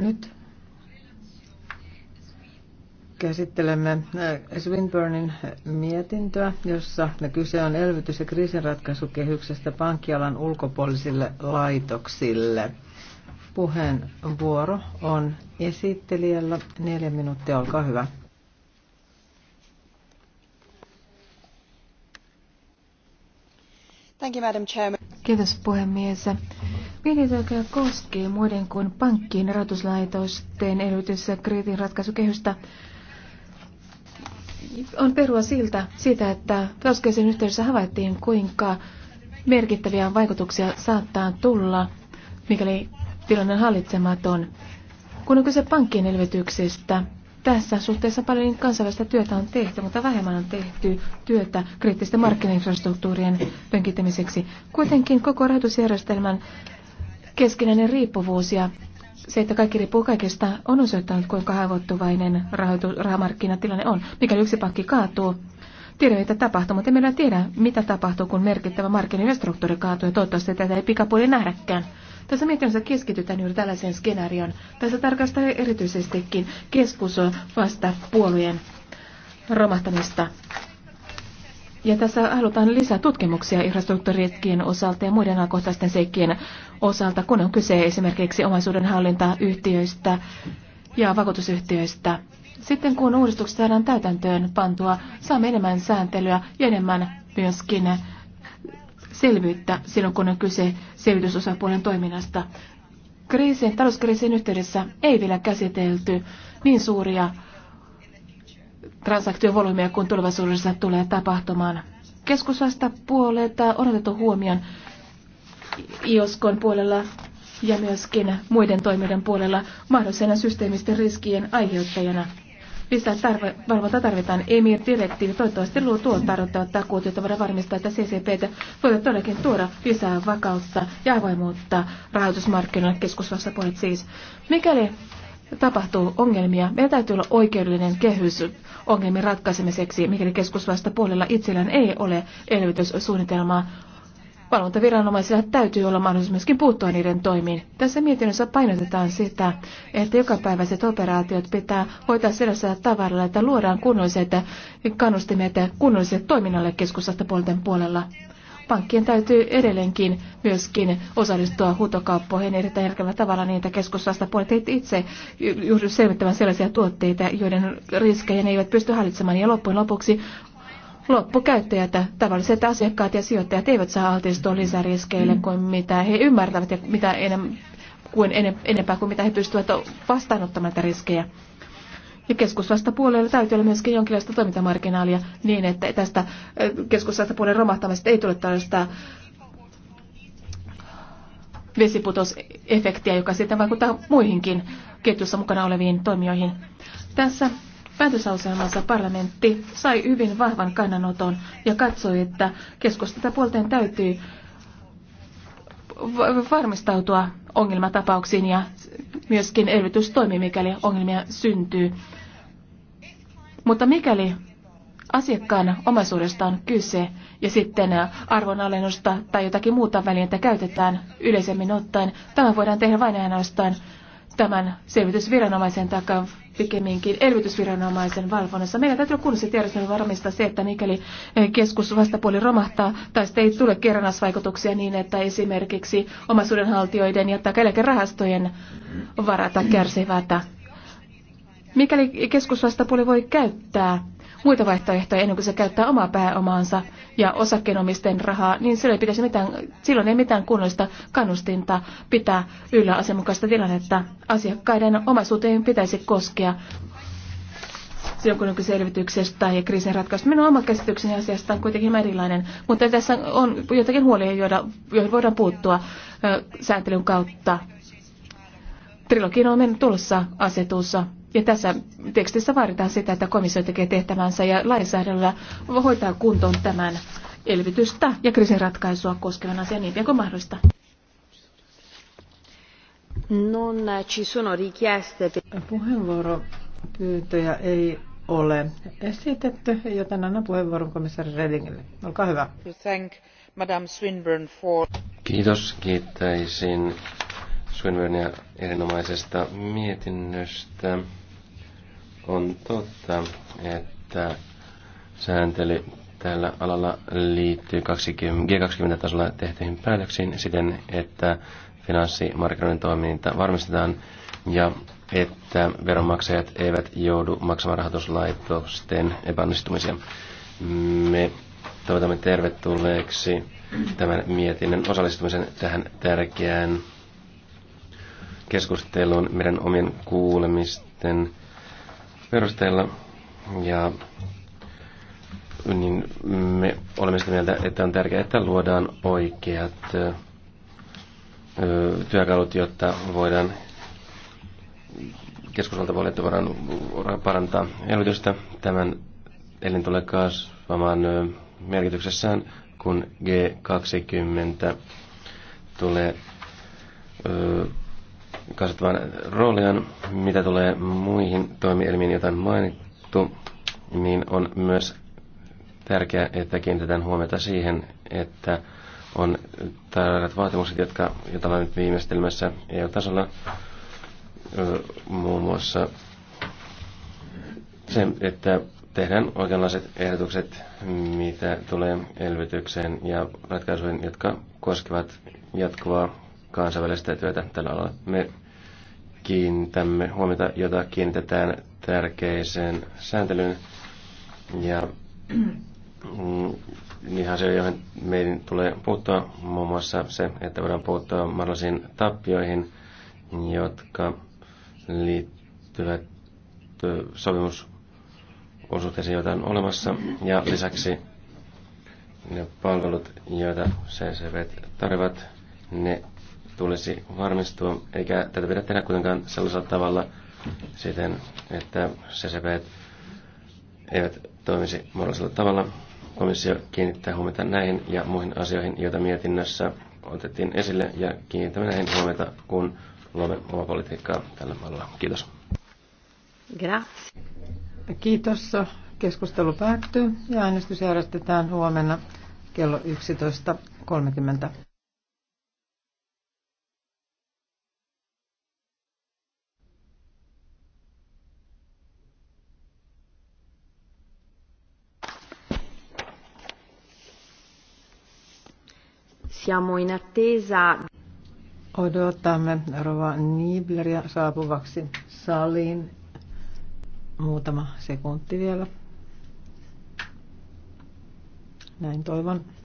Nyt käsittelemme äh, Swinburnin mietintöä, jossa kyse on elvytys- ja kriisinratkaisukehyksestä pankkialan ulkopuolisille laitoksille. Puheenvuoro on esittelijällä. Neljä minuuttia, olkaa hyvä. Thank you, Madam Chairman. Kiitos puhemies. Mietintöä koskee muiden kuin pankkiin rahoituslaitosten ja kriitin ratkaisukehystä on perua siltä, siitä, että koskeisen yhteydessä havaittiin, kuinka merkittäviä vaikutuksia saattaa tulla, mikäli tilanne on hallitsematon. Kun on kyse pankkien elvytyksestä, tässä suhteessa paljon kansainvälistä työtä on tehty, mutta vähemmän on tehty työtä kriittisten markkinainfrastruktuurien pönkittämiseksi. Kuitenkin koko rahoitusjärjestelmän Keskinäinen riippuvuus ja se, että kaikki riippuu kaikesta, on osoittanut, kuinka haavoittuvainen rahamarkkinatilanne on. mikä yksi pakki kaatuu, tiedä mitä tapahtuu, mutta emme tiedä, mitä tapahtuu, kun merkittävä markkinoiden struktuuri kaatuu, ja toivottavasti tätä ei pikapuoli nähdäkään. Tässä mietinnössä keskitytään juuri tällaiseen skenaarioon. Tässä tarkastelee erityisestikin keskus vasta puolueen romahtamista. Ja tässä halutaan lisää tutkimuksia infrastruktuuriskien osalta ja muiden alakohtaisten seikkien osalta, kun on kyse esimerkiksi omaisuudenhallintayhtiöistä ja vakuutusyhtiöistä. Sitten kun uudistukset saadaan täytäntöön pantua, saamme enemmän sääntelyä ja enemmän myöskin selvyyttä silloin, kun on kyse selvitysosapuolen toiminnasta. Kriisin, talouskriisin yhteydessä ei vielä käsitelty niin suuria transaktiovolyymiä, kun tulevaisuudessa tulee tapahtumaan. Keskusvasta puolelta on otettu huomioon IOSKon puolella ja myöskin muiden toimijoiden puolella mahdollisena systeemisten riskien aiheuttajana. Lisää tarve, valvonta tarvitaan EMIR-direktiivi. Toivottavasti luo tuon tarvittavat takuut, jotta voidaan varmistaa, että CCPtä voi todellakin tuoda lisää vakautta ja avoimuutta rahoitusmarkkinoille keskusvastapuolet siis. Mikäli tapahtuu ongelmia, meillä täytyy olla oikeudellinen kehys ongelmien ratkaisemiseksi, mikäli keskusvastapuolella itsellään ei ole elvytyssuunnitelmaa. Valvontaviranomaisilla täytyy olla mahdollisuus myöskin puuttua niiden toimiin. Tässä mietinnössä painotetaan sitä, että jokapäiväiset operaatiot pitää hoitaa sellaisella tavalla, että luodaan kunnolliset kannustimet kunnolliselle toiminnalle keskusvastapuolten puolella pankkien täytyy edelleenkin myöskin osallistua huutokauppoihin erittäin järkevällä tavalla niin, että keskusvasta puolet itse juuri selvittämään sellaisia tuotteita, joiden riskejä ne eivät pysty hallitsemaan. Ja loppujen lopuksi loppukäyttäjät, tavalliset asiakkaat ja sijoittajat eivät saa altistua lisäriskeille mm. kuin mitä he ymmärtävät ja mitä enem, kuin enem, enempää kuin mitä he pystyvät vastaanottamaan riskejä. Ja puolella täytyy olla myöskin jonkinlaista toimintamarginaalia niin, että tästä keskusvasta puolen romahtamisesta ei tule tällaista vesiputosefektiä, joka sitten vaikuttaa muihinkin ketjussa mukana oleviin toimijoihin. Tässä päätösauselmassa parlamentti sai hyvin vahvan kannanoton ja katsoi, että puolten täytyy varmistautua ongelmatapauksiin ja myöskin toimii, mikäli ongelmia syntyy. Mutta mikäli asiakkaan omaisuudesta on kyse ja sitten arvonalennusta tai jotakin muuta välineitä käytetään yleisemmin ottaen, tämä voidaan tehdä vain ainoastaan tämän selvitysviranomaisen takaa pikemminkin elvytysviranomaisen valvonnassa. Meidän täytyy kunnalliset järjestelmät varmistaa se, että mikäli eh, keskus vastapuoli romahtaa tai sitten ei tule kerrannasvaikutuksia niin, että esimerkiksi omaisuudenhaltijoiden ja eläkerahastojen varata kärsivätä. Mikäli keskusvastapuoli voi käyttää muita vaihtoehtoja ennen kuin se käyttää omaa pääomaansa ja osakkeenomisten rahaa, niin silloin ei, pitäisi mitään, silloin ei mitään kunnollista kannustinta pitää yllä asianmukaista tilannetta. Asiakkaiden omaisuuteen pitäisi koskea silloin kun on selvityksestä ja kriisin ratkaisusta. Minun oma käsitykseni asiasta on kuitenkin erilainen, mutta tässä on jotakin huolia, joihin voidaan puuttua sääntelyn kautta. Trilogiin on mennyt tulossa asetussa ja tässä tekstissä vaaditaan sitä, että komissio tekee tehtävänsä ja lainsäädännöllä hoitaa kuntoon tämän elvytystä ja kriisinratkaisua koskevan asian niin pian kuin mahdollista. Non ci sono richieste. Puheenvuoropyyntöjä ei ole esitetty, joten annan puheenvuoron komissaari Redingille. Olkaa hyvä. Thank Madame Swinburne for... Kiitos, kiittäisin Swinburnia erinomaisesta mietinnöstä. On totta, että sääntely tällä alalla liittyy 20G20-tasolla tehtyihin päätöksiin siten, että finanssimarkkinoiden toiminta varmistetaan ja että veronmaksajat eivät joudu maksamaan rahoituslaitosten epäonnistumisia. Me toivotamme tervetulleeksi tämän mietinnön osallistumisen tähän tärkeään keskusteluun meidän omien kuulemisten perusteella. Ja niin me olemme sitä mieltä, että on tärkeää, että luodaan oikeat ö, työkalut, jotta voidaan keskusalta voidaan parantaa elvytystä. Tämän elin tulee kasvamaan merkityksessään, kun G20 tulee ö, kasvattavan roolian, Mitä tulee muihin toimielimiin, joita on mainittu, niin on myös tärkeää, että kiinnitetään huomiota siihen, että on tarkat vaatimukset, jotka, joita ollaan nyt viimeistelmässä EU-tasolla, muun muassa se, että tehdään oikeanlaiset ehdotukset, mitä tulee elvytykseen ja ratkaisuihin, jotka koskevat jatkuvaa kansainvälistä työtä tällä alalla. Me kiinnitämme huomiota, jota kiinnitetään tärkeiseen sääntelyyn ja mm, niihin asioihin, joihin meidän tulee puuttua, muun muassa se, että voidaan puuttua mahdollisiin tappioihin, jotka liittyvät sopimusosuhteisiin, joita on olemassa, ja lisäksi ne palvelut, joita CCV tarvitsevat, ne tulisi varmistua, eikä tätä pidä tehdä kuitenkaan sellaisella tavalla siten, että CCP eivät toimisi muodollisella tavalla. Komissio kiinnittää huomiota näihin ja muihin asioihin, joita mietinnössä otettiin esille, ja kiinnitämme näihin huomiota, kun luomme omaa politiikkaa tällä alalla. Kiitos. Grazie. Kiitos. Keskustelu päättyy ja äänestys järjestetään huomenna kello 11.30. Siamo in attesa. Odotamme Rova Nibleria saapuvaksi saliin. Muutama sekunti vielä. Näin toivon.